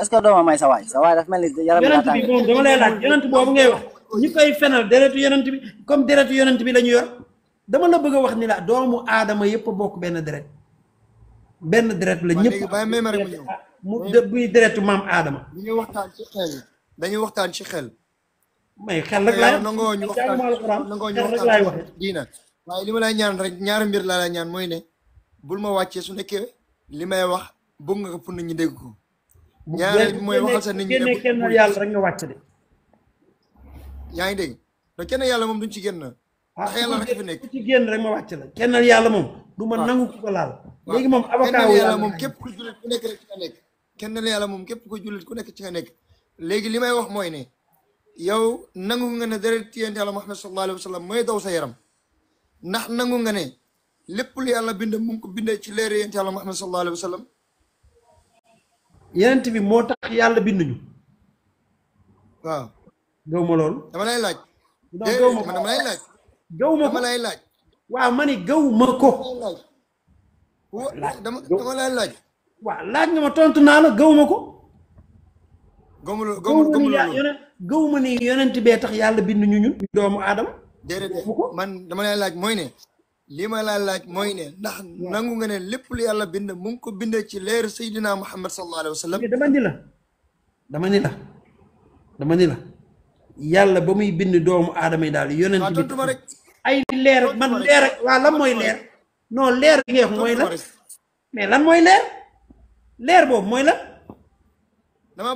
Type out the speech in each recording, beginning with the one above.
est-ce que dooma may sa waay sa waay dafa mel ni yaram yonent bi moom dama lay laaj yonent boobu ngay wax ñu koy fenal deretu yonent bi comme deretu yonent bi la ñu yor dama la bëgg a wax ni la doomu aadama yëpp a bokk benn deret benn deret la ñëpp mu buy deretu maam aadama dañuy waxtaan ci xel dañuy waxtaan ci xel may xel rek laay nangoo ñu waxtaan nangoo ñu waxtaan laay waxe diina rek ñaari mbir laa lay ñaan mooy ne bul ma wàccee su nekkee li may wax bëgg nga ko pour nit ñi ko ñaareel mooy waxal sa nit ñi ne kenn yàlla rek nga ngi dégg da kenn yàlla moom duñ ci génn. Ah, ndax yàlla rek fi nekk ci génn rek ma wàcc la kenn yàlla moom. du ma nangu ku ko laal. léegi moom avocat wu yàlla moom képp ku jullit ku nekk ci nga nekk. kenn yàlla moom képp ku jullit ku nekk ci nga nekk. léegi li may wax mooy ne yow nangu nga ne deret yonent yàlla Muhammad sallallahu alayhi wa sallam mooy daw sa yaram ndax nangu nga ne lépp lu yàlla bind mu ngi bindee ci leer yonent yàlla Muhammad sallallahu alayhi wa sallam yenent bi moo tax yàlla binduñu. waaw. gaw loolu. dama lay laaj. non gaw ma ko dama lay laaj. gaw laaj. waaw ma gaw ma ko. laaj. waaw laaj nga ma tontu naa la gaw ma ko. gaw ma loolu gaw ma ni yenent bee tax yàlla binduñu ñun. doomu aadama. déedéet man dama laaj mooy ne. li ma laa laaj mooy ne ndax nangu nga ne lépp lu yàlla bind mu ngi ko bind ci leer Seydina Muhammad sallallahu alayhi wa sallam dama ni la ni la yàlla ba muy bind doomu aadama yi daal yonent bi rek ay leer mooy leer non mooy la mais lan mooy leer leer boobu mooy la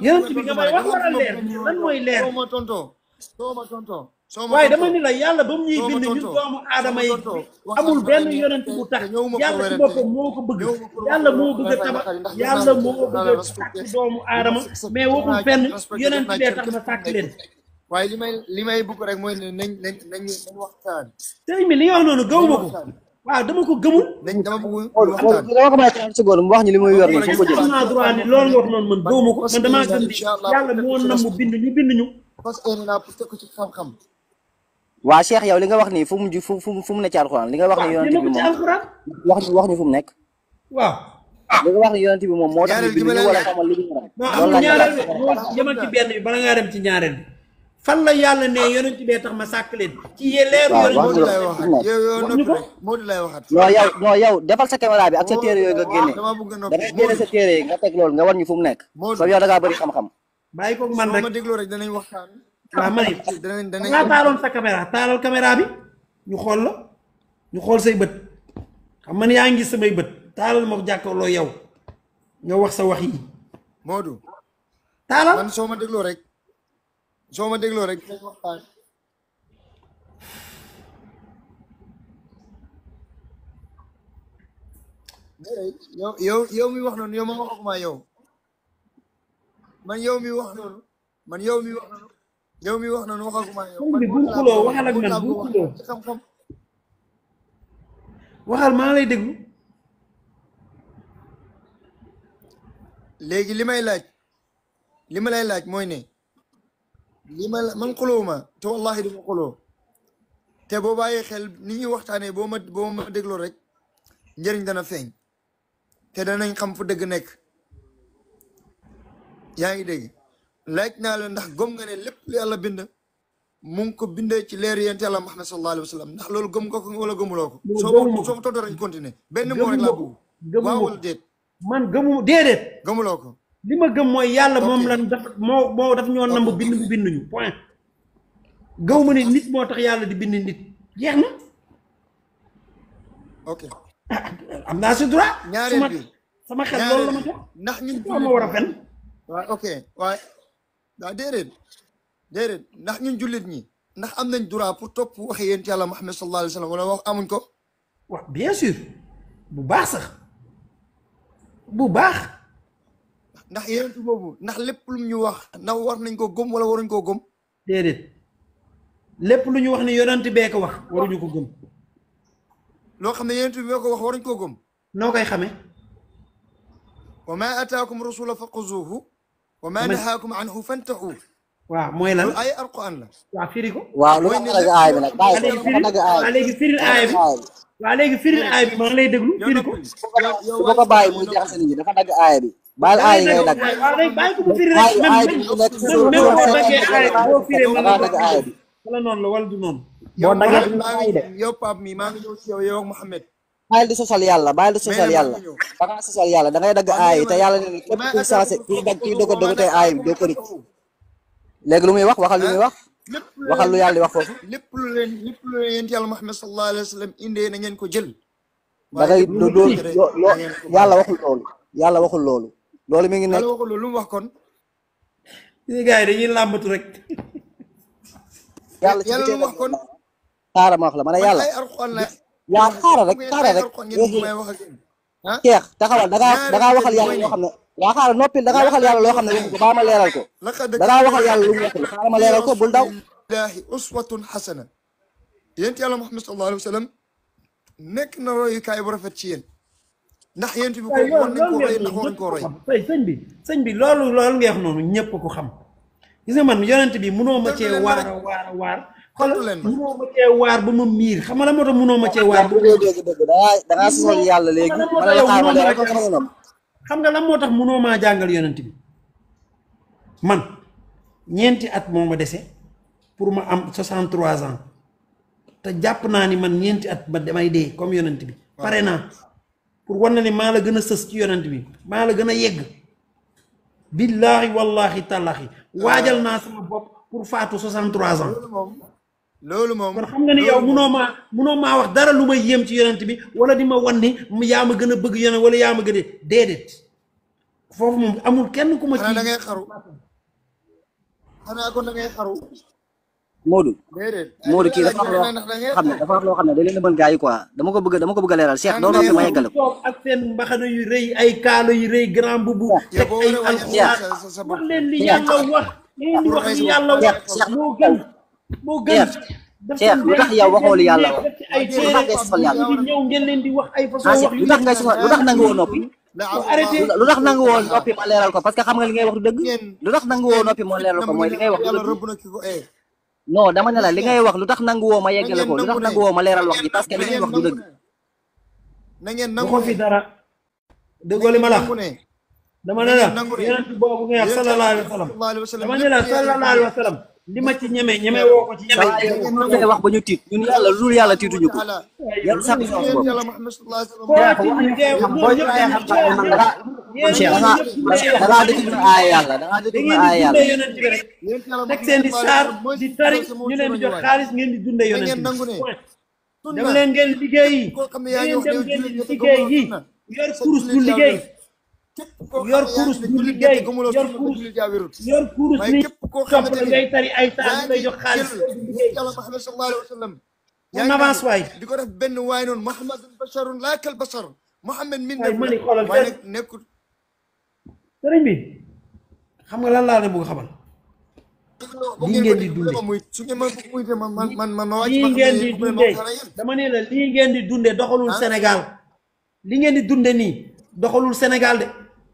yonent bi nga may wax wala leer lan mooy leer waaye dama ni la yàlla ba mu ñuy bind ñun doomu aadama yi amul benn yonent bu tax yàlla ci boppam moo ko bëgg yàlla moo bëgg a tabax yàlla moo bëgg a sàkk doomu aadama mais waxul fenn yonent bee tax na sàkk leen waaye li ne nañ mi li nga noonu gaw ko waaw dama ko gëmul may trente secondes mu wax ñu li muy yor nii fu mu wax noonu man gaw ma ko bind ñu bind ñu waa Cheikh yow li nga wax nii fu mu fu fu mu ne ci alxuraan li nga wax ni yonent bi wax ñu fu mu nekk. waaw. Ah. li nga wax ni yonent bi moom moo tax. bi ñu war a war a. ñaareel bi jëmal ci ngaa dem ci ñaareel bi. la yàlla ne yonent bee tax ma sàkk leen. ci leeru yonent lay waxaat yow yow noppi Modou lay waxaat. non yow non yow defal sa caméra bi ak sa téere yooyu nga ah, génne. da ngay sa téere nga teg loolu nga war ñi fu mu nekk. Modou yow da ngaa xam-xam. bàyyi ko man rek ma dégloo rek danañ Ah, waaw ma ne danañ danañ nga taaloon sa caméra taalal caméra bi ñu xool la ñu xool say bët xam man yaa ngi samay bët taalal ma jàkkaarloo yow nga wax sa wax yi Modou taalal man soo ma dégloo rek soo ma dégloo rek yow yow yow mi wax noonu yow ma yow mi wax yow yow mi wax na nu waxaguma yow man bul waxal ak man bul waxal maa lay déglu léegi li may laaj li ma lay laaj mooy ne li ma man xulowuma te wallahi duma xuloo te boo bàyyi xel ni ñuy waxtaanee boo ma boo ma rek njëriñ dana feeñ te danañ xam fu dëgg nekk yaa ngi dégg laaj naa la ndax gëm nga ne lépp lu yàlla bind mu ko bindee ci leer yent yàlla ax sallallahu alayhi wa sallam ndax loolu gëm nga ko wala gëmuloo ko soo soo tontoo rek continuer benn moo rek laa bëgg waaw wala déet man ko li ma gëm mooy yàlla moom lan daf moo moo daf ñoo namb bind bu binduñu point gëw ma ne nit moo tax yàlla di bind nit jeex na ok am naa xel loolu ma jox ndax ñun ma war a fen waaye waaw déedéet déedéet ndax ñu jullit ñi ndax am nañ droit pour topp waxe yéen yàlla Muhammad sallallahu alayhi wa sallam wala wax amuñ ko waaw bien sûr bu baax sax bu baax ndax yéen boobu ndax lépp lu ñu wax ndax war nañ ko gëm wala waruñ koo gëm déedéet lépp lu ñu wax ne yonent bee ko wax waruñu ko gëm loo xam ne yonent bee ko wax waruñ koo gom noo koy xamee wa ma ataakum rasula fa xuzuhu wa maa nahaakum anhu fantahu waaw mooy lan ay alquran la waaw firi ko waaw lu tax nag aay bi nag bàyyi nag aay léegi firil aay bi waaw léegi firil aay bi maa ngi lay déglu firi ko su ko ko bàyyi muy jaxase nit ñi dafa nag aay bi baal aay ngay nag bàyyi ko bu firi rek même même même boo daggee aay boo firi mën na nag aay bi wala noonu la wala du noonu boo daggee aay de yow Pape mi maa ngi ñëw ci yow yow Mouhamed bàyyil di sosal yàlla bàyyil di sosal yàlla ba nga sosal yàlla da ngay dagg aay te yàlla ne képp kuy saase kuy dagg kuy dogo dogo tey doo ko rëcc léegi lu muy wax waxal lu muy wax waxal lu yàlla di wax foofu lépp lu leen lépp lu leen yàlla na ngeen ko jël da ngay loolu yàlla waxul loolu yàlla waxul loolu loolu mi ngi nekk waxul lu mu wax kon ñi gars yi dañuy làmbatu rek la ma yaa xaaral rek xaaral rek Cheikh ah? taxawal da ngaa da ngaa waxal yàlla loo xam ne yaa xaaral noppil da ngaa waxal yàlla loo xam ne waxu ko baa ma leeral ko da ngaa waxal yàlla lu mu waxul xaaral nekk na royukaay bu rafet ci yéen ndax yéen bi ko war nañ koo roy ndax war nañ koo bi sëñ bi loolu loolu nga noonu ñëpp ko xam gis nga man yonent bi mënoo ma cee waar waar waar xolal mënoo ba ma xam nga la moo tax mënoo ma cee waar. dëgg yàlla léegi. xam nga lan moo tax mënoo maa jàngal yonent bi man ñeenti at moo ma dese pour ma am 63 ans te jàpp naa ni man ñeenti at ma damay dee comme yonent bi. pare naa pour wan na ni maa la gën a sës ci yonant bi maa la gën a yegg. billaahi wallaahi tallaahi ah. waajal naa sama bopp pour faatu 63 ans. loolu moom kon xam nga ne yow munoo maa munoo maa wax dara lu ma yéem ci yonent bi wala di ma wan ni yaa ma gën a bëgg yonent wala yaa ma gën a déedéet foofu moom amul kenn ku ma. xanaa da ngay xaru xanaa kon da ngay xaru. Moodu Moodu kii dafa am loo xam ne dafa am loo xam ne da leen a mën gaa yi quoi dama ko bëgg dama ko bëgg a leeral Cheikh doo noppi ma yeggale ko ak seen mbaxana yu rëy ay kaalo yu rëy grand bubu teg ay alxuraan wax leen li yàlla wax leen di wax li yàlla wax moo gën moo gën Cheikh lu tax yow waxoolu yàlla wax lu tax ngay sosal yàlla ñëw ngeen leen di wax ay façon ah, wax lu tax ngay sosal lu tax nangu woo noppi lu tax nangu woo noppi ma leeral ko parce que xam nga li ngay wax du dëgg lu tax nangu woo noppi ma leeral ko mooy li ngay wax du dëgg eh. non dama ne la li ngay wax lu tax nangu woo ma yeggale ko lu tax nangu ma leeral wax ji parce que li ngay wax du dëgg na ngeen nangu fi dara dëggoo li ma la ne la yonent boobu ngay wax sallallahu alayhi wa li ma ci ñeme ñeme woo ko ci ñeme wax ba ñu tiit ñun yàlla loolu yàlla tiituñu ko yàlla sax sax ko dangaa dëkk ñu aay yàlla dangaa dëkk ñu aay yàlla teg seen di saar di tari ñu leen di jox xaalis ngeen di dunde yonent dem leen ngeen liggéey yi ngeen dem ngeen liggéey yi yor kurus du liggéey yor kurus bu liggéey yor kurus yor kurus ni topp la ngay tari ay taal ngay jox xaalis on avance waay di ko def benn waay noonu Muhammadun basharun laa kal bashar Muhammad min na mani xoolal waaye nekkul sëriñ bi xam nga lan laa la bëgg xamal lii ngeen di dundee lii ngeen di dundee dama ne la lii ngeen di dundee doxalul Sénégal li ngeen di dundee nii doxalul Sénégal de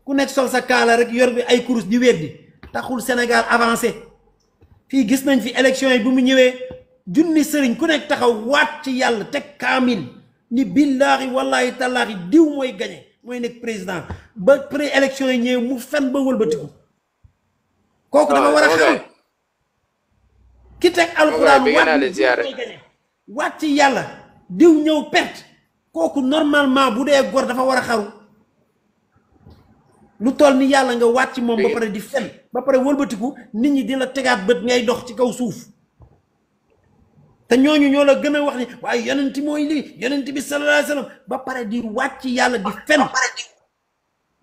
ku nekk sol sa kaala rek yor bi ay kurus di weddi taxul Sénégal avancé fii gis nañ fi élection yi bi mu ñëwee junni sëriñ ku nekk taxaw waat ci yàlla teg kaamil ni billaahi wallaahi tallaahi diw mooy gañe mooy nekk président ba pré élection yi ñëwee mu fen ba wëlbatiku kooku dafa war a xam ki teg alxuraan waat mooy gañe waat ci yàlla diw ñëw perte kooku normalement bu dee góor dafa war a xaru lu toll ni yàlla nga waat ci moom ba pare di fen ba pare wëlbatiku nit ñi di la tegaat bët ngay dox ci kaw suuf te ñooñu ñoo la gën a wax ni waaye yonent mooy lii yonent bi sallallahu alayhi wasallam ba pare di waat ci yàlla di fen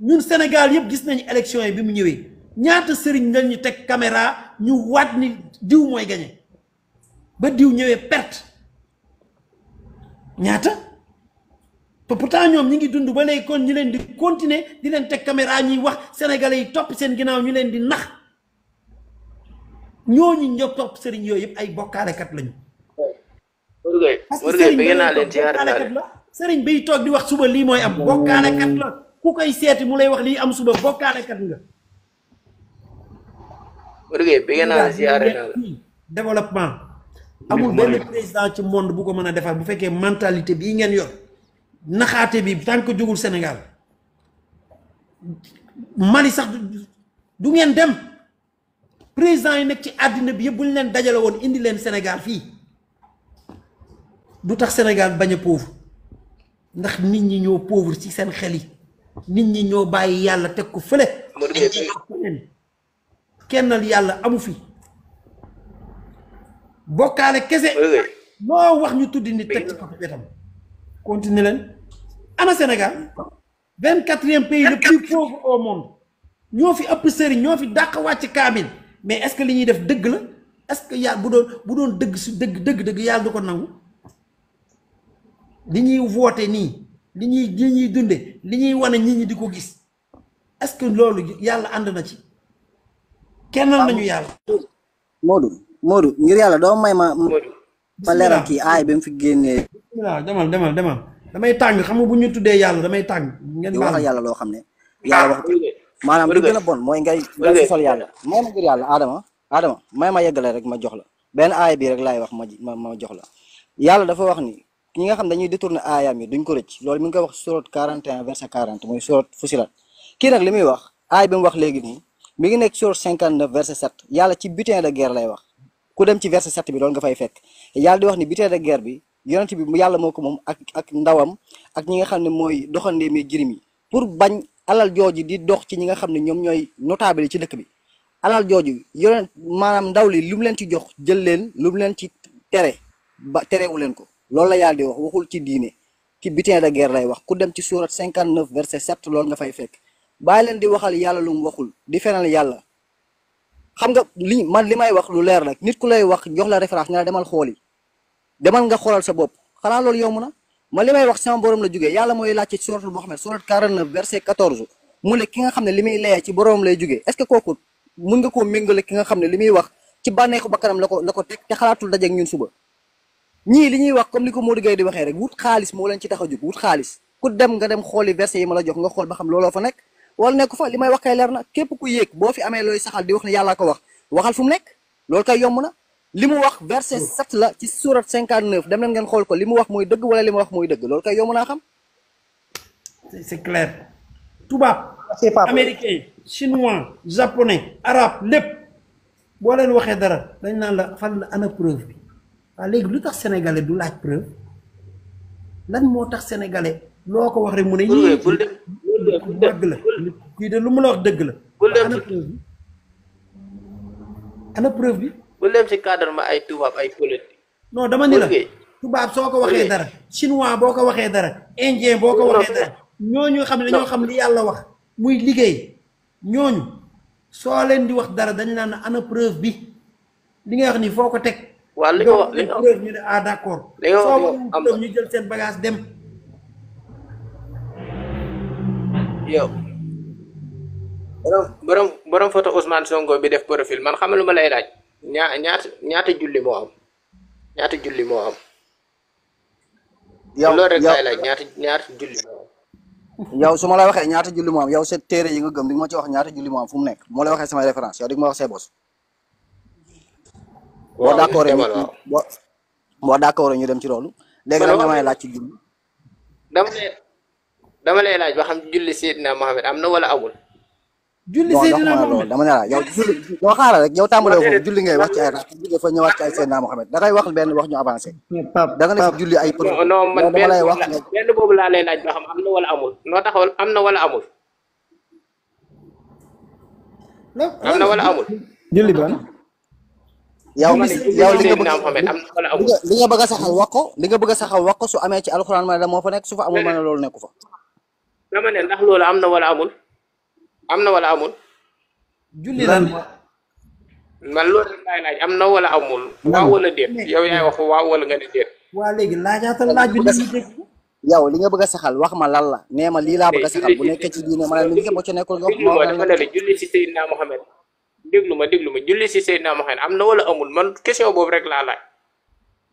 ñun Sénégal yëpp gis nañu élection yi bi mu ñëwee ñaata sëriñ lañu teg kamera ñu waat ni diw mooy gañe ba diw ñëwee perte ñaata pourtant ñoom ñi ngi dundu ba léegi kon ñu leen di continuer di leen teg caméra ñuy wax sénégalais yi topp seen ginnaaw ñu leen di nax ñooñu ñoo topp sëriñ yooyu yëpp ay bokkaalekat lañu. parce que sëriñ la sëriñ biy toog di wax suba lii mooy am bokkaalekat la ku koy seeti mu lay wax lii am suba bokkaalekat nga. développement amul benn président ci monde bu ko mën a defar bu fekkee mentalité bii ngeen yor. naxaate bi tant que jógul Sénégal Mali sax du ngeen dem président yi nekk ci àddina bi yëpp bu leen dajale woon indi leen Sénégal fii du tax Sénégal bañ a ndax nit ñi ñoo pauvre ci seen xel yi nit ñi ñoo bàyyi yàlla teg ko fële kennal yàlla amu fi bokkaale kese loo wax ñu tuddi nit teg ci ko wetam continuer leen ana Sénégal vingt quatrième pays le plus pauvre au monde ñoo fi ëpp sëriñ ñoo fi dàq wàcc kaamil mais est-ce que li ñuy def dëgg la est-ce que yàlla bu doon bu doon dëgg su dëgg dëgg dëgg yàlla du ko nangu li ñuy woote nii li ñuy li ñuy dunde li ñuy wane nit ñi di ko gis est-ce que loolu yàlla ànd na ci kenn nañu yàlla Modou Modou ngir yàlla doo may ma ma leeral kii aay ba mu fi génnee waaw demal demal demal damay tàng xam nga bu ñu tuddee yàlla damay tàng. ngeen baal wax yàlla loo xam ne. yàlla wax maanaam li gën a bon mooy ngay. ngay sosal yàlla may ma ngir yàlla Adama. Adama may ma yeggale rek ma jox la benn aaya bi rek laay wax ma ma jox la yàlla dafa wax ni ñi nga xam dañuy détourné aayaam yi duñ ko rëcc loolu mi ngi koy wax surat 41 verset 40 mooy surat Fusilat kii nag li muy wax aay bi mu wax léegi nii mi ngi nekk surat 59 verset 7 yàlla ci butin de guerre lay wax ku dem ci verset 7 bi loolu nga fay fekk yàlla di wax ni butin de guerre bi yonent bi mu yàlla moo ko moom ak ak ndawam ak ñi nga xam ne mooy doxandeem yi jirim yi pour bañ alal jooju di dox ci ñi nga xam ne ñoom ñooy notable yi ci dëkk bi alal jooju yonent maanaam ndaw li lu mu leen ci jox jël leen lu mu leen ci tere ba terewu leen ko loolu la yàlla di wax waxul ci diine ci butin de guerre lay wax ku dem ci surat 59 verset 7 loolu nga fay fekk bàyyi leen di waxal yàlla lu mu waxul di fenal yàlla xam nga li man li may wax lu leer nag nit ku lay wax jox la référence nga demal xool yi demal nga xoolal sa bopp xanaa loolu yomb na ma li may wax sama borom la jógee yàlla mooy laaj ci suratul Muhammad surat 49 verset 14 mu ne ki nga xam ne li muy layee ci borom lay jógee est ce que kooku mun nga koo méngale ki nga xam ne li muy wax ci bànneexu bakkanam la ko la ko teg te xalaatul dajeeg ñun suba ñii li ñuy wax comme ni ko Modou Gueye di waxee rek wut xaalis moo leen ci tax a jóg wut xaalis ku dem nga dem xooli verset yi ma la jox nga xool ba xam looloo fa nekk wala nekku fa li may wax kay leer na képp ku yéeg boo fi amee looy saxal di wax ne yàllaa ko wax waxal fu mu nekk loolu kay yomb na li mu wax verset sept la ci surat cinquante neuf dem leen ngeen xool ko li mu wax muy dëgg wala li mu wax muy dëgg loolu kay yomb naa xam. c'est clair. tubaab. Ah, américain chinois japonais arabe lépp boo leen waxee dara dañ naan la fan la ana preuve bi waaw ah, léegi lu tax sénégalais du laaj preuve lan moo tax sénégalais loo ko wax rek mu ne. dëgg la kii de lu mu la wax dëgg la. Ah, ana preuve bi. bu leen si cadre ma ay tubaab ay politique. non dama ni la tubaab soo ko waxee dara. chinois boo ko waxee dara. indien boo ko waxee dara. ñooñu xam ne ñoo xam li yàlla wax. muy liggéey ñooñu soo leen di wax dara dañu naan ana preuve bi li ngay wax nii foo ko teg. waaw li nga wax li nga wax preuve ñu ne ah d'accord. li nga wax soo ñu jël seen bagage dem. yow. borom borom photo Ousmane Sonko bi def profil man xam lu ma lay laaj. ñaa ñaat ñaata julli moo am ñaata julli moo am. yow loolu rek su ma la waxee ñaata julli moo am yow sa téere yi nga gëm di ma ci wax ñaata julli moo am fu mu nekk moo lay waxee samay référence yow di nga ma wax say bos. boo d'accord ñu dem ci loolu. léegi nag nga may laaj ci julli. dama laaj ba xam julli Seydina Mohamed am na wala awul julli Seydina Mohamed dama ne la rek yow tàmbalee foofu julli ngay wax ci ay fa ñëwaat ci ay Seydina Mohamed benn wax ñu avancé da nga ne julli ay preuve non man dama lay wax benn boobu laa lay laaj ba xam am na wala amul am na wala amul am na wala amul julli ban yow bis yow li nga bëgg li nga saxal wax ko li nga bëgg a saxal wax ko su amee ci alxuraan ma ne moo fa nekk su fa amul ma ne loolu nekku fa dama ne ndax loolu am na wala amul am na wala amul. julli lan man loolu laay laaj am na wala amul. waaw wala déet yow yaay wax waaw wala nga ne déet. waa léegi laajaatal laaj bi ni li nga bëgg saxal wax ma lan la nee ma lii laa bëgg a saxal bu nekkee ci diine ma ne li nga ba ci nekkul nga. déglu ma dafa ne la julli si Seydina Mohamed déglu ma déglu ma julli si Seydina Mohamed am na wala amul man question boobu rek laa laaj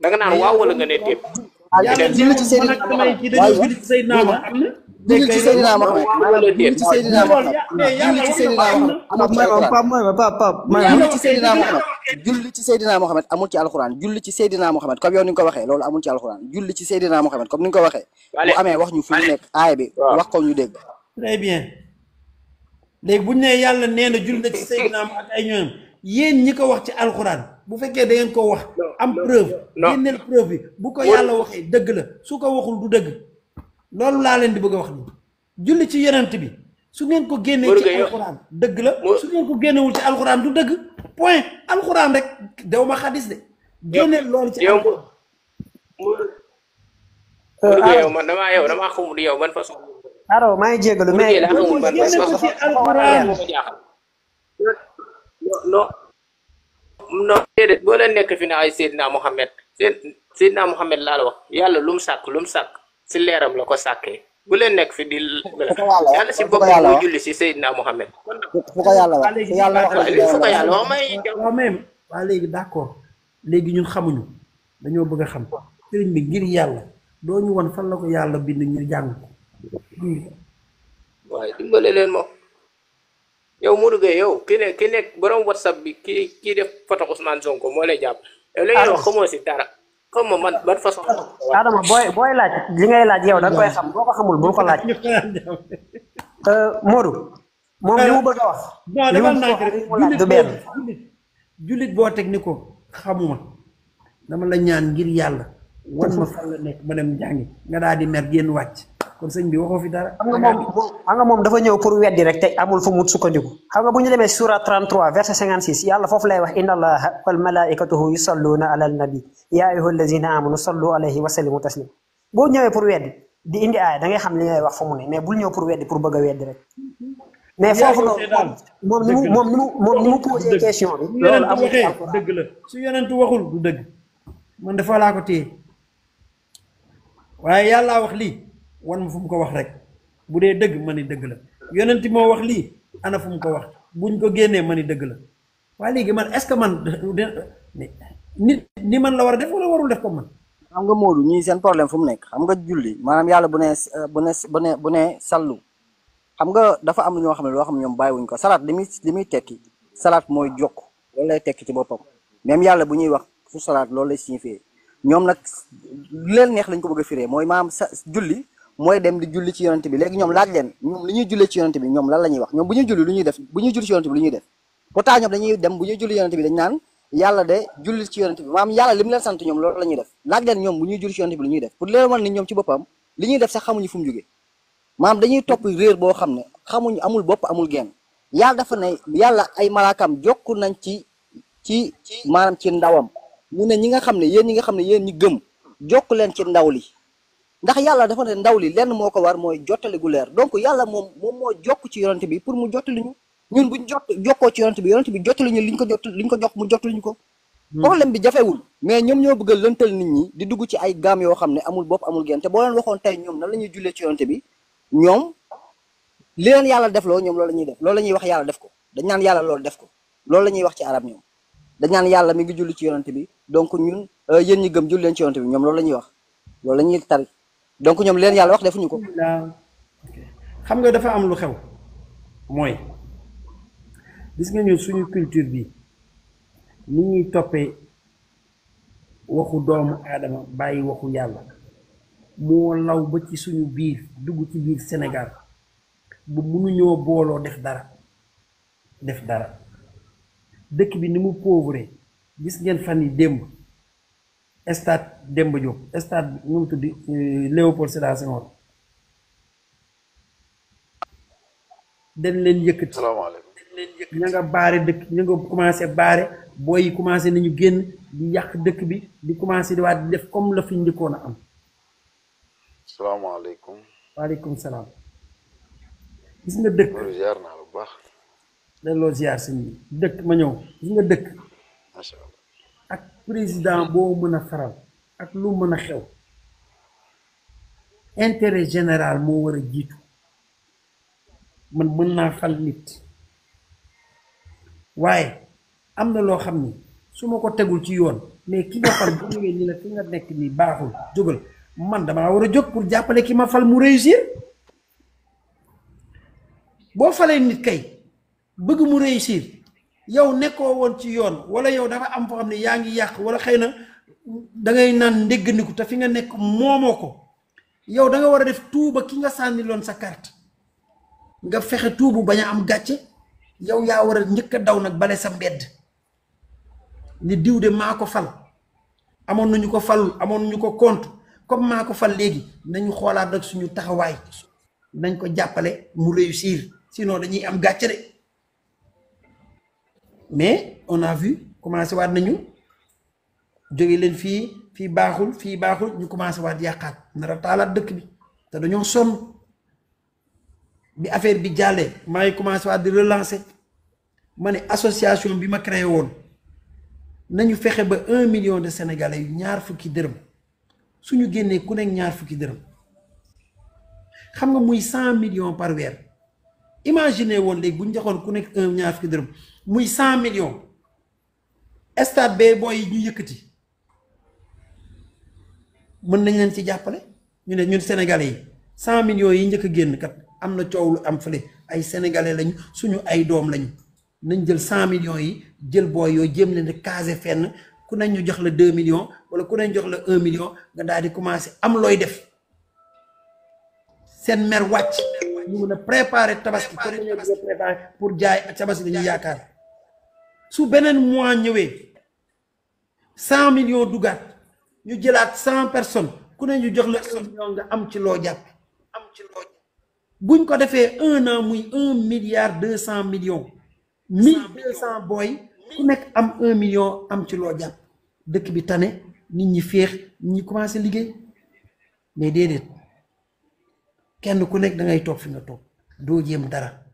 danga naan waaw wala nga ne déet. julli ci Seydina Mohamed waaye julli ci Seydina Mohamed am na. jullit ci Seydina Muhammad jullit ci Seydina Muhammad jullit ci Seydina Muhammad amul ci alxuraan jullit ci Seydina Muhammad jullit ci Seydina Muhammad amul ci alxuraan jullit ci Seydina Muhammad comme yow ni nga ko waxee loolu amul ci alxuraan jullit ci Seydina Muhammad comme ni nga ko waxee bu amee wax ñu fu ñu nekk aay bi wax ko ñu dégg très bien léegi bu ñu nee yàlla nee na jullit ci Seydina Muhammad ak ay ñoom yéen ñi ko wax ci alxuraan bu fekkee da ngeen ko wax am preuve génneel preuve bi bu ko yàlla waxee dëgg la su ko waxul du dëgg loolu laa leen di bëgg a wax nii julli ci yonent bi su ngeen ko génnee ci alxuraan dëgg la su ngeen ko génnewul ci alxuraan du dëgg point alxuraan rek dew ma xadis de génneel loolu ci alxuraan euh, yow man damaa yow damaa xamul yow ban façon aro maa ngi jégalu mais génne ko ci alxuraan non non déedéet boo leen nekk fi ne ay Seydina Mohamed Seydina Mohamed laa la wax yàlla lu mu sàkk lu mu sàkk si leeram la ko sàkkee bu leen nekk fi di. yàlla si bopp mu julli si Seydina Mohamed. fu ko yàlla wax fu yàlla wax may. waaw même léegi d'accord léegi ñun xamuñu dañoo bëgg a xam sëriñ bi ngir yàlla doo ñu won fan la ko yàlla bind ñu jàng ko. waaye dimbale leen moom yow Modou Gueye yow ki ne ki nekk borom whatsapp bi ki kii def photo Ousmane Sonko moo lay jàpp. yow léegi yow ah, xamoo si dara. xaw ma man ban façon. Adama booy booy laaj li ngay laaj yow da nga koy xam boo ko xamul bul ko laaj. Euh, Modou. moom li mu bëgg wax. li mu bëgg du benn. jullit boo teg ni ko xamuma dama la ñaan ngir yàlla wan ma fan nekk ma dem jàngi nga daal di mer génn wàcc. kon sëñ bi waxoo fi dara. xam nga moom xam nga dafa ñëw pour weddi rek te amul fu mu sukkandiku. xam nga bu ñu demee sura 33 verset 56 yàlla foofu lay wax inna allaha wal malaikatahu yusalluuna ala nabi ya ayyuha allazina amanu sallu alayhi wa sallimu taslima boo ñëwee pour weddi di indi aaya da xam li ngay wax fu mu ne mais bul ñëw pour weddi pour bëgg a weddi rek. mais foofu la moom moom moom ni mu moom ni mu posé question bi. loolu amul dëgg su yonent waxul du dëgg man dafa laa ko téye waaye yàlla wax lii wan ma fu mu ko wax rek bu dee dëgg ma ni dëgg la yonent moo wax lii ana fu mu ko wax bu buñ ko génnee ma ni dëgg la waa léegi man est-ce que man nit ni man la war a def wala warul def ko man. xam nga Modou ñu seen problème fu mu nekk xam nga julli maanaam yàlla bu ne bu ne bu ne bu ne sallu xam nga dafa am ñoo xam ne loo xam ne ñoom bàyyiwuñ ko salaat li muy li muy tekki salaat mooy jokk loolu lay tekki ci boppam même yàlla bu ñuy wax su salaat loolu lay signifié ñoom nag leen neex lañ ko bëgg firee mooy maanaam sa julli. mooy dem di julli ci yonent bi léegi ñoom laaj leen ñoom li ñuy jullee ci yonent bi ñoom lan la wax ñoom bu ñuy julli lu ñuy def bu ñuy julli ci yonent bi lu ñuy def pourtant ñoom dañuy dem bu ñuy julli yonent bi dañ naan yàlla de julli ci yonent bi maanaam yàlla li mu leen sant ñoom loolu la def laaj leen ñoom bu ñuy julli ci yonent bi lu ñuy def pour leen ñoom ci li ñuy def sax xamuñu fu mu jógee maanaam dañuy topp réer boo xam ne xamuñu amul bopp amul genn yàlla dafa ne yàlla ay malaakam jokku nañ ci ci maanaam ci ndawam mu ne ñi nga xam ne yéen ñi nga xam ne yéen ñi gëm jokk leen ci ndaw li ndax yàlla dafa ne ndaw li lenn moo ko war mooy jottali gu leer donc yàlla moom moom moo jokk ci yonent bi pour mu jottali ñu ñun buñ jot jokkoo ci yonent bi yonent bi jottali ñu liñ ko jot liñ ko jox mu jottali ñu ko hmm. problème bi jafewul mais ñoom ñoo bëgg a nit ñi di dugg ci ay gaam yoo xam ne amul bopp amul génn boo leen tey ñoom nan la ñuy ci yonent bi ñoom li leen yàlla def loo ñoom loolu la ñuy def la ñuy wax yàlla def ko dañ naan yàlla loolu def ko loolu la ñuy wax ci arab ñoom dañ naan yàlla mi ngi julli ci yonent bi donc ñun euh, yéen ñi gëm julli ci yonent bi ñoom loolu la ñuy wax loolu la ñuy tari donc ñoom leen yàlla wax defuñu ko. xam nga dafa am lu xew mooy gis nga ñun suñu culture bi ni ñuy toppee waxu doomu aadama bàyyi waxu yàlla moo law ba ci suñu biir dugg ci biir Sénégal bu mënuñoo booloo def dara def dara dëkk bi ni mu pauvre gis ngeen fan yi démb. stade Demba Diop stade nu mu euh, Léopold Sédar Senghor dañ leen yëkkati. salaamaaleykum dañ leen yëkkati ña nga baare dëkk ña nga commencé baare booy yi nañu génn di yàq dëkk bi di commencé di waat di def comme la fi njëkkoon a am. salaamaaleykum. waaleykum salaam. gis nga dëkk loolu ziar naa bu baax. delloo ziar sëñ bi dëkk ma ñëw gis nga dëkk. président boo mën a faral ak lu mën a xew intérêt général moo war a jiitu man mën naa fal nit waaye am na loo xam ni su ma ko tegul ci yoon mais ki nga fal bu ñëwee ni la ki nga nekk nii baaxul jógal man damaa war a jóg pour jàppale ki ma fal mu réussir boo falee nit kay bëgg mu réussir yow nekkoo woon ci yoon wala yow dafa am foo xam ne yaa ngi yàq wala xëy na da ngay naan ndéggandiku te fi nga nekk moomoo ko yow danga war a def tuuba ki nga sànni loon sa kart nga fexe tuubu bañ a am gàcce yow yaa war a njëkk a daw nag bale sa mbedd ni diw de maa ko fal amoon nañu ko falul amoon ñu ko compte comme maa ko fal léegi nañu xoolaat rek suñu taxawaay nañ ko jàppale mu réussir sinon dañuy am gàcce de. mais on a vu commencé waat nañu jóge leen fii fii baaxul fii baaxul ñu commencé waat yàqaat nar a taalaat dëkk bi te dañoo sonn bi affaire bi jàllee maa ngi commencé waat di relancer ma ne association bi ma créer woon nañu fexe ba un million de sénégalais yu ñaar fukki dërëm suñu génnee ku nekk ñaar fukki dërëm xam nga muy cent millions par weer imagine woon léegi bu ñu joxoon ku nekk un ñaar fukki dërëm muy cent millions stade bee booy yi ñu yëkkati mën nañ leen ci jàppale ñu ne ñun sénégalais yi cent millions yi njëkk a génn kat am na coow lu am fële ay sénégalais lañu suñu ay doom lañu nañ jël cent millions yi jël booy yooyu jéem leen di fenn ku nañ ñu jox la deux millions wala ku nañ jox la un million nga daal di commencer am looy def seen mer wàcc ñu mun a préparer tabaski ko pour jaay ak tabaski dañuy yaakaar su beneen mois ñëwee cent millions dugaat ñu jëlaat cent personnes ku ne ñu jox la million nga am ci loo jàpp am ci buñ ko defee un an muy un milliard deux cent millions mille deux cent booy ku nekk am un million am ci loo jàpp dëkk bi tane nit ñi féex nit ñi commencé liggéey mais déedéet kenn ku nekk da ngay toog fi nga toog doo jéem dara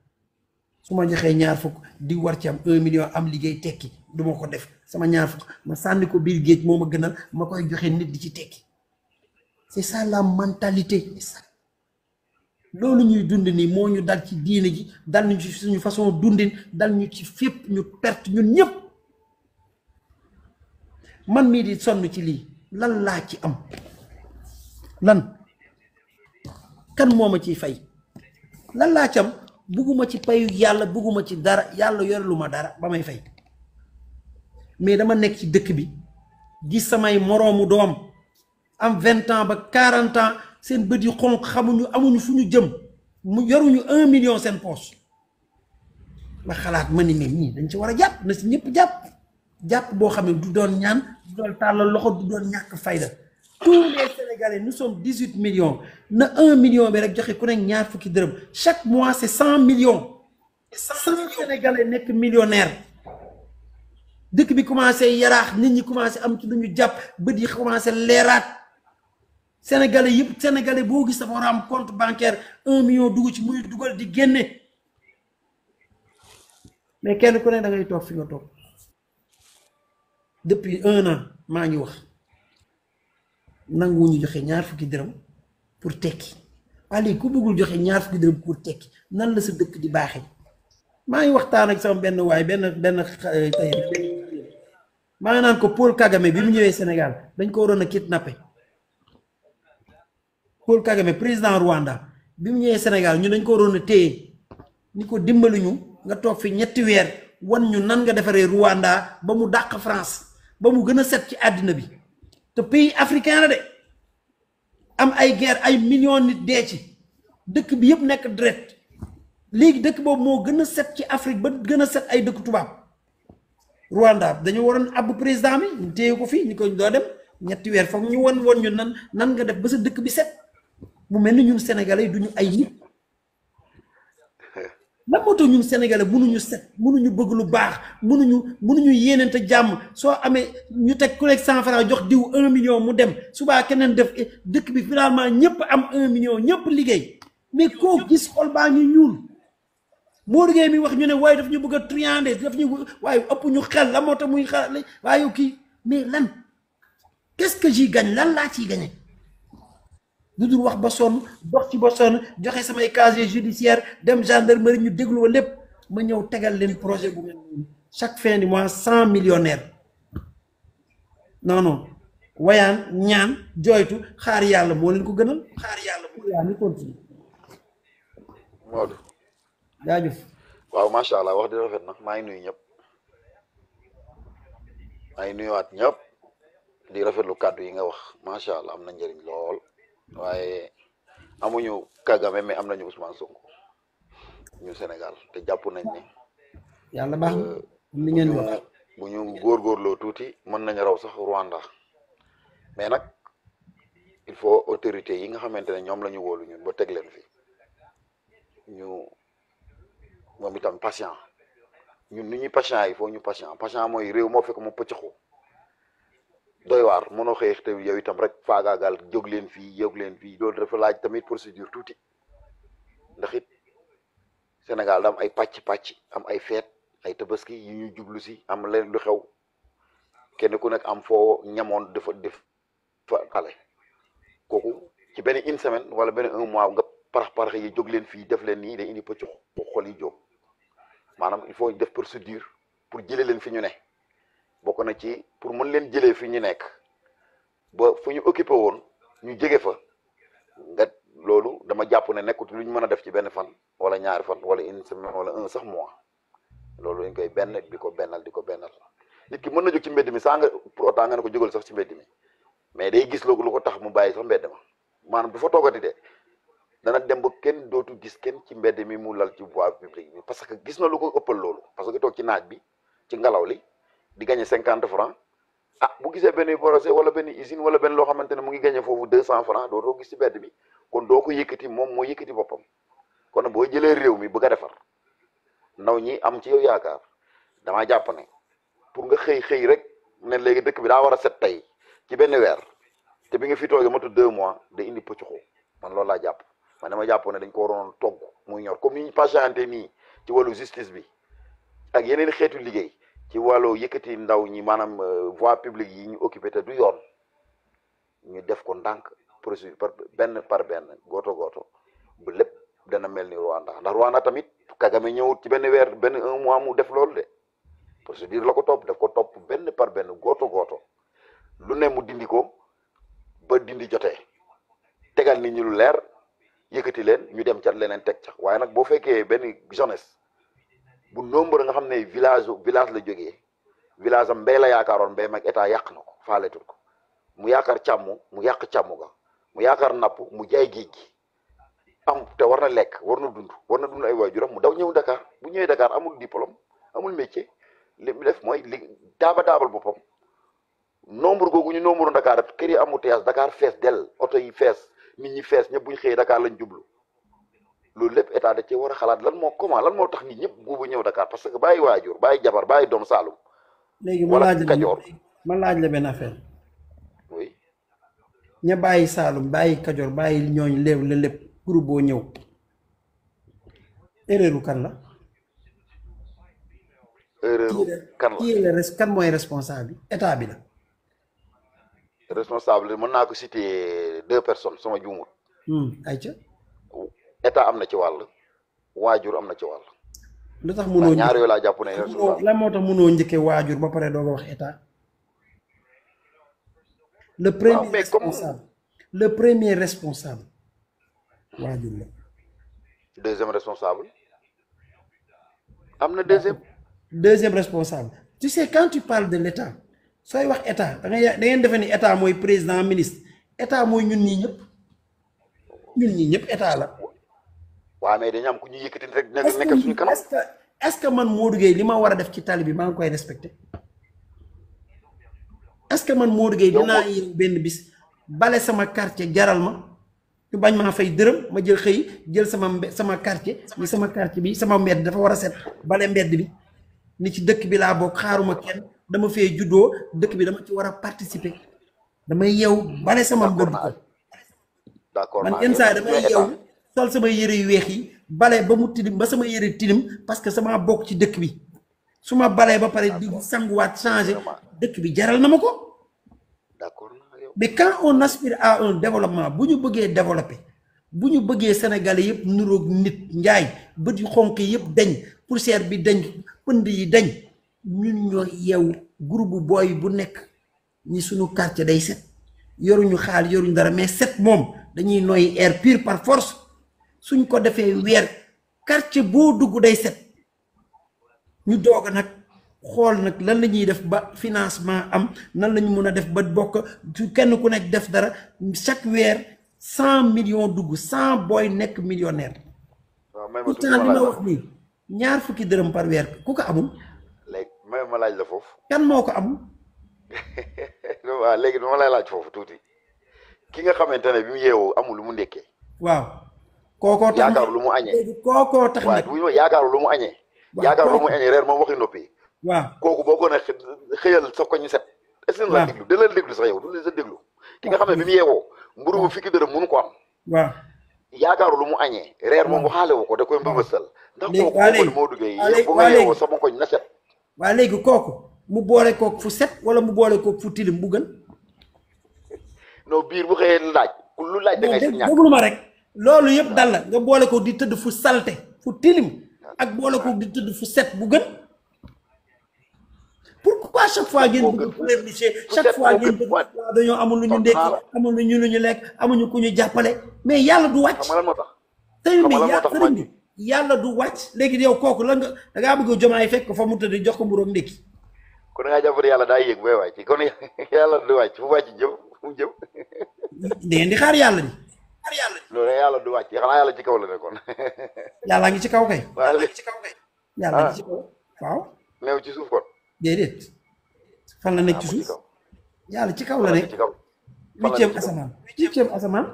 su ma joxee ñaar fukk di war ci am un million am liggéey tekki duma ko def sama ñaar fukk ma sànni ko biir géej moo ma gën gënal ma koy joxe nit di ci tekki c'est ça la mentalité loolu ñuy dund nii moo ñu dal ci diine ji dal ñu suñu façon dundin dal ñu ci fépp ñu perte ñun ñëpp man mii di sonn ci lii lan laa ci am lan kan moo ma ciy fay lan laa ci am. bugguma ci payu yàlla bugguma ci dara yàlla yorelu ma dara ba may fay mais dama nekk ci dëkk bi gis samay moroomu doom am vingt ans ba quarante ans seen bët yu xonq xamuñu amuñu fu ñu jëm mu yoruñu un million seen poche ba xalaat ma ni mais ñii dañ ci war a jàpp na si ñëpp jàpp jàpp boo xam ne du doon ñaan du doon tàllal loxo du doon ñàkk fayda tous les Sénégalais nous sommes dix huit millions na un million bi rek joxe ku nekk ñaar fukki dërëm chaque mois c' est cent millions. cent Sénégalais nekk millionnaire. dëkk bi commencé yaraax nit ñi commencé am ci lu ñu jàpp bët yi commencé leeraat sénégalais yëpp sénégalais boo gis dafa war a am compte bancaire un million dugg ci muy dugal di génne mais kenn ku ne da toog fi nga toog depuis un an maa ngi wax. nanguwu ñu joxe ñaar fukki dërëm pour tekki waaye léegi ku bëggul joxe ñaar fukki dërëm pour tekki nan la sa dëkk di baaxee maa ngi waxtaan ak sama benn waay benn benn eh, maa ngi naan ko Paul Kagame bi mu ñëwee Sénégal dañ ko waroon a nappe Paul Kagame président Rwanda bi mu ñëwee Sénégal ñu dañ ko waroon a téye ni ko dimbali ñu nga toog fi ñetti weer wan ñu nan nga defaree Rwanda ba mu dàq France ba mu gën a set ci àddina bi. te pays africain la de am ay guerre ay million nit dee ci dëkk bi yëpp nekk dret léegi dëkk boobu moo gën a set ci Afrique ba gën a set ay dëkk tubaab Rwanda dañu waroon abu président bi ñu téye ko fii ñu ko doo dem ñetti weer foog ñu won woon ñu nan nan nga def ba sa dëkk bi set mu mel ni ñun Sénégalais duñu ay nit lan moo tax ñun sénégalais mënuñu set mënuñu bëgg lu baax mënuñu mënuñu yéeneente jàmm soo amee ñu teg ku nekk cent jox diw un million mu dem subaa keneen def eh, dëkk bi finalement ñëpp am un million ñëpp liggéey mais koo gis xol baa ñu ñuul moo liggéey mi wax ñu ne waaye daf ñu bëgg a triandé daf ñu waaye ëpp ñu xel la moo tax muy xel waaye kii mais lan qu'est-ce que j'y gañ lan laa ci gagne lu dul wax ba sonn dox ci ba sonn joxe samay casier judiciaire dem gendarmerie ñu déglu lépp ma ñëw tegal leen projet bu mel noonu chaque fin du mois cent millionnaire non non wayaan ñaan jooytu xaar yàlla moo leen ko gënal xaar yàlla moo leen ñu continue Maodo jaajëf waaw macha allah wax di rafet na maa ngi nuyu ñëpp maa ngi nuyuwaat ñëpp di rafetlu kàddu yi nga wax macha allah am na njëriñ lool waaye amuñu Kagame mais am nañu Ousmane Sonko ñu Sénégal te jàpp nañ ni. yàlla baax euh, li ngeen wax bu ñu góorgóorloo tuuti mën nañu raw sax Rwanda mais nag il faut autorité yi nga xamante ne ñoom la ñu wóolu ñun ba teg leen fi ñu moom itam patient ñun nu ñuy patient il faut ñu patient patient mooy réew moo fekk mu pëccaxu doy waar mënoo xeex te yow itam rek faagaagal jóg leen fii jóg leen fii loolu dafa laaj tamit procédure tuuti ndax it Sénégal da ay pàcc pàcc am ay feet ay tabaski yu ñuy jublu si am leen lu xew kenn ku nekk am foo ñamoon dafa def fa xale kooku ci benn une semaine wala benn un mois nga parax parax yi jóg leen fii def leen nii day indi pëcc xol yi jóg maanaam il faut def procédure pour jëlee leen fi ñu ne. bokk na ci pour mën leen jëlee fi ñu nekk ba fu ñu occupé woon ñu jege fa nga loolu dama jàpp ne nekkut lu ñu mën a def ci benn fan wala ñaari fan wala une semaine wala un sax mois loolu dañ koy benn di ko bennal di ko bennal nit ki mën na jóg ci mbedd mi saa pour autant nga ne ko jógal sax ci mbedd mi mais day gis loolu lu ko tax mu bàyyi sax mbedd ma maanaam du fa toogati de dana dem ba kenn dootu gis kenn ci mbedd mi mu lal ci voie publique bi parce que gis na lu ko ëppal loolu parce que toog ci naaj bi ci ngelaw li di gagné cinquante franc ah bu gisee benn projet wala benn usine wala benn loo xamante ne mu ngi gagné foofu deux cent franc doo doo gis ci bedd bi kon doo ko yëkkati moom moo yëkkati boppam kon boo jëlee réew mi bëgg a defar ndaw ñi am ci yow yaakaar damaa jàpp pour nga xëy xëy rek ne léegi dëkk bi daa war a set tey ci benn weer te bi nga fi toogee matu deux mois day indi pëccuxoo man loolu laa jàpp man dama jàpp ne dañ ko waroon togg muy ñor comme ni ñu patienté nii ci wàllu justice bi ak yeneen xeetu liggéey ci wàllu yëkkati ndaw ñi maanaam euh, voie publique yi ñu occupé te du yoon ñu def ko ndànk procédure par benn par benn gooto gooto bu lépp dana mel ni Rwanda ndax Rwanda tamit Kagame ñëwut ci benn weer benn un mois mu def loolu de procédure la ko topp daf ko topp benn par benn gooto goto lu nemu dindi ko ba dindi jote tegal nit ñu lu leer yëkkati leen ñu dem cat leneen teg ca waaye nag boo fekkee benn jeunesse bu nombre nga xam ne village village la jógee village a mbéy la yaakaaroon mbéy mag état yàq na ko faaletul ko mu yaakaar càmm mu yàq càmm ga mu yaakaar napp mu jay géej gi am te war na lekk war na dund war na dund ay waajuram mu daw ñëw Dakar bu ñëwee Dakar amul diplôme amul métier li mu def mooy li daaba boppam nombre googu ñu nombre Dakar kër yi amul teyaas Dakar fees dell oto yi fees nit ñi fees ñëpp buñ ñu xëyee Dakar lañ jublu. loolu lépp état da cee war a xalaat lan moo comment lan moo tax nit ñëpp buubu ñëw Dakar parce que bàyyi waajur bàyyi jabar bàyyi doom Saalum. léegi ma laaj la Kajoor ma laaj la benn bàyyi Saalum bàyyi Kajoor bàyyi ñooñ léew la lépp groupe boo ñëw erreur kan la. erreur kii la kan mooy responsable bi état bi la. responsable mën naa ko citer deux personnes sama juumut. Hmm, ayca. état am na ci wàll waajur am na ci wàll. lu tax mënoo ñaar yooyu moo tax mënoo njëkkee waajur ba pare doog a wax état. le premier responsable le premier responsable waajur la. deuxième responsable. am na deuxième. deuxième responsable. tu sais quand tu de l' état sooy wax état da ngay da ngeen defe ni état mooy président ministre état mooy ñun ñii ñëpp ñun ñii ñëpp état la. waaw mais dañu am ku ñu yëkkati rek dina nekkal suñu kanam. est que est-ce que man Modou Gueye li ma war a def ci tali bi maa ngi koy respecté est-ce que man Modou Gueye dinaa yéen benn bis bale sama quartier jaral ma ñu bañ maa fay dërëm ma jël xëy jël sama sama quartier ni sama quartier bi sama mbedd dafa war a set bale mbedd bi ni ci dëkk bi laa bokk xaaruma kenn dama fee juddoo dëkk bi dama ci war a participer damay yeew bale sama mbedd. d'accord man yenn saa damay yeew. sol sama yëre yu weex yi bale ba mu tilim ba sama yëre tilim parce que sama bokk ci dëkk bi su ma balee ba pare di sanguwaat changer dëkk bi jaral na ma ko mais quand on à développement bu ñu bëggee développer bu ñu bëggee sénégalais yëpp nuroog nit njaay bët yu xonq yëpp dañ poussière bi dañ pënd yi dañ ñun ñoo yeew groupe booy bu nekk ñi suñu quartier day set yoruñu xaal yoruñu dara mais set moom dañuy noyyi air pur par force suñ ko defee weer quartier boo dugg day set ñu doog nag xool nag lan la ñuy def ba financement am nan la ñu mën a def ba bokk su kenn ku nekk def dara chaque weer cent million dugg cent booy nekk millionnaire. pourtant li ma wax nii ñaar fukki dërëm par weer bi ku ko amul. léegi may ma laaj la foofu. kan moo ko amul. waaw léegi dama laaj foofu tuuti ki nga xamante ne bi mu yeewoo amul lu mu nekkee waaw. kookoo tax yaakaaru lu mu añee kookoo tax waaye bu yaakaaru lu mu añee yaakaaru lu mu reer moom waxi noppi waaw kooku boo ko ne xëyal sa ko ñu set est-ce que déglu da leen déglu sax yow du leen sa déglu ki nga xam ne bi mu yeewoo mburu bu fukki dërëm mënu ko am mu añee moom waxaale ko da koy mbëbësal ndax kooku kooku moo duggee yow bu nga yeewoo sama koñ na set waa léegi kooku mu boole kook fu set wala mu boole kook fu tilim bu gën non biir bu xëyee laaj ku lu laaj da ngay si ñàkk déglu ma rek loolu yëpp dal la nga boole ko di tëdd fu salte fu tilim ak boole ko di tëdd fu set bu gën pourquoi chaque fois ngeen bëgg polémique chaque fois ngeen bëgg dañoo amul lu ñu ndékki amul lu ñu lu ñu lekk amuñu ku ñu jàppale mais yàlla du wàcc sëriñ bi yaa sëriñ bi yàlla du wàcc léegi yow kooku la nga da ngaa bëgg jomaay fekk fa mu tëdd jox ko mburóom ndékki kon da ngaa jàpp yàlla daa yéeg bay wàcc kon yàlla du wàcc fu wàcc jëm fu jëm da di xaar yàlla bi loolu yàlla du wàcc xanaa yàlla ci kaw la nekkoon. yàlla ngi ci kaw kay. yàlla ngi ci kaw kay. yàlla ngi ci kaw waaw. néew ci suuf kon. déedéet. fan la nekk ci suuf. yàlla ci kaw la nekk. huitième asamaan. huitième asamaan.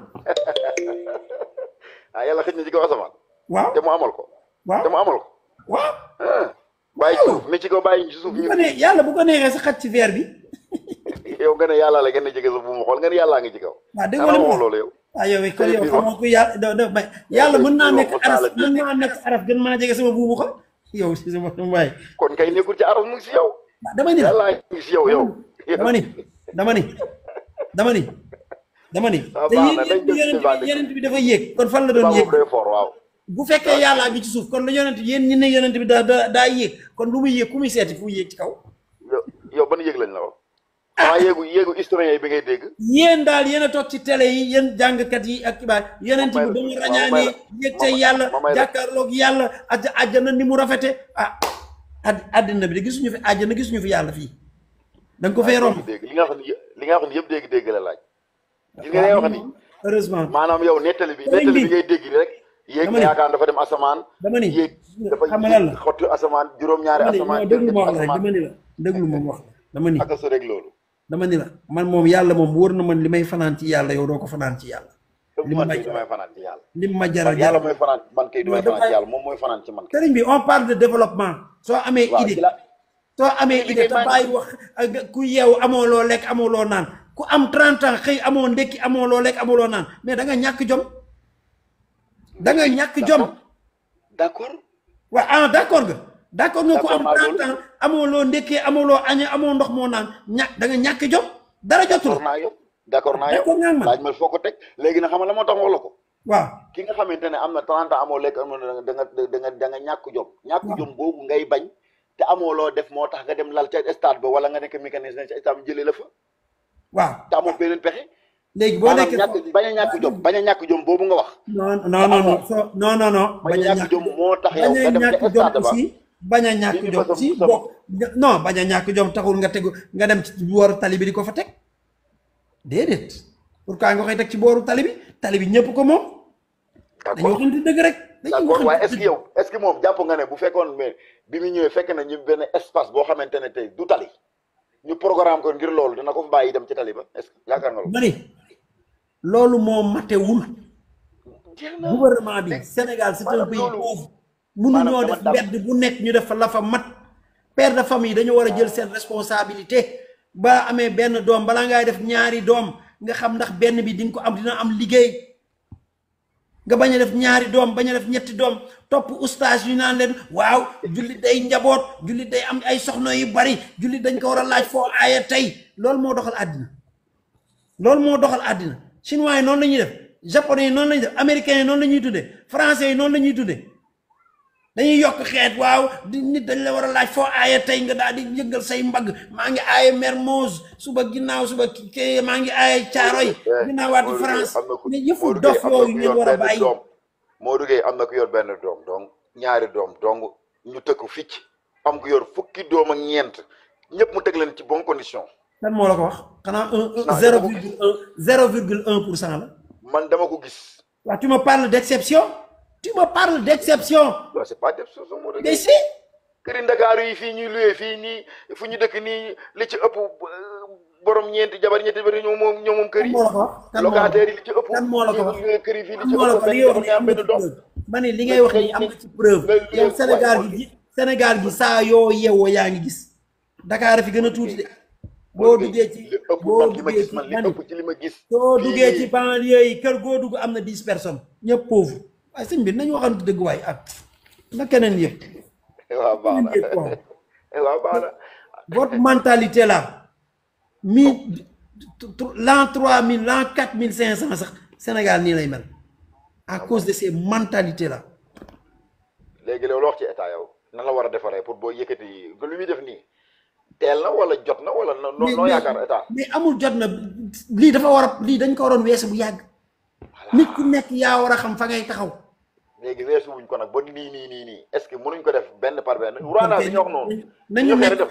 ah yàlla xëj na ci kaw asamaan. waaw te mu amal ko. waaw te mu amal ko. waaw. Ah. bàyyi ci suuf mais ci kaw bàyyi ci suuf. bu ko nee yàlla bu ko neexee sa xat ci verre bi. yow nga ne yàlla la gën a jege sa bu mu xool nga ne yàlla ngi ci kaw. waaw dégg nga loolu yow. aywa ah, kon eh, yow xamoo ko yàlla doo doo eh, yàlla mën naa nekk araf mën naa nekk araf gën maa jege sama buubu ko yow si sama waay. kon kay nekkul ci araf mu ngi si yow. Ah, dama ni yàlla mu ngi si yow yow. dama ni dama ni dama ni. dama ni te yéen yonent bi dafa yéeg kon fan la doon yéeg bu fekkee yàllaa ngi ci suuf kon la yonent yéen ñi ne yonent bi daa daa yéeg kon lu muy yéeg ku muy seeti fu yéeg ci kaw. yow ban yéeg lañ la wax. waa yéegu yéegu historien yi bi ngay dégg. yéen daal yéen toog ci télé yi yéen jàngkat yi ak xibaar yeneen bi ba mu ràññaanee yéeg tey yàlla jàkkaarloog yàlla aj àjjana ni mu rafete a ah, àddina bi de gisuñu fi àjjana gisuñu fi yàlla fii da nga ko fay romb li nga xam ne li nga xam yëpp dégg-dégg la laaj gis nga ne wax ni heureusement maanaam yow nettali bi nettali bi ngay rek yéeg yaakaar dafa dem asamaan dama ni yéeg dafa xottu asamaan juróom-ñaari asamaan déglu ma wax la dama ni la déglu ma wax la dama ni ak loolu dama ni la man moom yàlla moom wóor na man li may fanaan ci yàlla yow doo ko fanaan ci yàlla. li ma fanaan yàlla. li ma jaral yàlla mooy fanaan man kay du may fanaan ci yàlla moom mooy fanaan ci man. sëriñ bi on parle de développement. soo amee idée soo amee idée te bàyyi wax ku yeewu amoo loo lekk amoo loo naan ku am 30 ans xëy amoon ndekki amoo loo lekk amoo naan mais danga ñàkk jom. da ñàkk jom. d'accord. waaw ah d'accord nga. d'accord nga ko am trente ans amoo loo ndékkee amoo loo añee amoo ndox moo naan ña da nga ñàkk jom dara jotul d'accord naa yow laaj ma foo ko teg léegi na xam la moo tax wax la ko waaw ki nga xamante ne am na trente amoo lekk am da nga da nga ñàkk jom ñàkk jom boobu ngay bañ te amoo loo def moo tax nga dem lal ca stade wala nga nekk mécanicien ca stade bi jëlee la fa waaw te amoo beneen pexe léegi boo nekkee ñàkk a ñàkk jom bañ a ñàkk jom boobu nga wax non non non non bañ a ñàkk jom moo tax yow nga dem stade ba bañ a ñàkk jom si bokk non bañ a ñàkk jom taxul nga tegu nga dem ci booru tali bi di ko fa teg déedéet pourquoi nga koy teg ci booru tali tali bi ñëpp ko moom. dañu waxante dëgg rek. d'accord waaye est-ce que yow est-ce que moom jàpp nga ne bu fekkoon mais bi mu ñëwee fekk na ñu benn espace boo xamante ne tey du tali ñu programme ko ngir loolu dana ko fa bàyyi dem ci tali ba est-ce que yaakaar nga loolu. loolu moo matewul. bi Sénégal c'est un pays pauvre. mënuñoo def mbedd bu nekk ñu def fa la mat père de famille dañu war a jël seen responsabilité ba amee benn doom balaa ngay def ñaari doom nga xam ndax benn bi di nga ko am dina am liggéey nga bañ a def ñaari doom bañ def ñetti doom topp oustage yu naan leen waaw jullit day njaboot jullit day am ay soxna yu bari jullit dañ ko war a laaj foo aaya tey loolu moo doxal àddina loolu moo doxal àddina chinois yi noonu la def japonais yi noonu la def américains yi la ñuy tuddee français yi noonu la ñuy tuddee dañuy yokk xeet waaw nit dañ la war a laaj foo aaya tey nga daal di yëngal say mbag maa ngi aaya Mermoz suba ginnaaw suba kii maa ngi aaya Caaroy ginnaaw waati France mais yëfu dof yooyu ñu war a bàyyi moo duggee am na ku yor benn doom donc ñaari doom donc ñu tëkk ficc am ku yor fukki doom ak ñeent ñëpp mu teg leen ci bonne condition moo la ko wax xanaa un zéro virgule un zéro man dama ko gis waaw tu me parles d'exception tu me parles d'exception. non c'est pas d'exception. si. këri Ndakaaru yi fii ñuy luwee fii nii fu ñu dëkk nii li ci ëpp euh, borom ñeenti jabar ñeenti jabar ñoom moom ñoom moom kër yi. locataire yi li ci ëpp. kan moo la ko wax kër yi li ngay wax nii am na ci preuve. yow Sénégal gi Sénégal gi saa yoo yeewoo yaa ngi gis. Dakar fi gën a tuuti de. boo duggee ci boo duggee ci man li ëpp ci li ma gis. soo duggee ci banlieue yi kër goo dugg am na dix personne ñëpp pauvre. waaye sëñ bi nañu waxante dëgg waaye ak na keneen yëg waaw baax na l'an trois mille l'an quatre mille cinq cent sax Sénégal nii lay mel à cause de ces mentalités là léegi loolu wax ci état yow nan la war a defaree pour boo yëkkati lu muy def nii teel na wala jot na wala noo yaakaar état mais amul jot na lii dafa war a lii dañ ko waroon weesu bu yàgg nit ku nekk yaa war a xam fa ngay taxaw léegi weesu wuñ ko nag ba nii nii nii nii est-ce que ko def benn par benn. Rwanda bi ñoo wax noonu. nañu def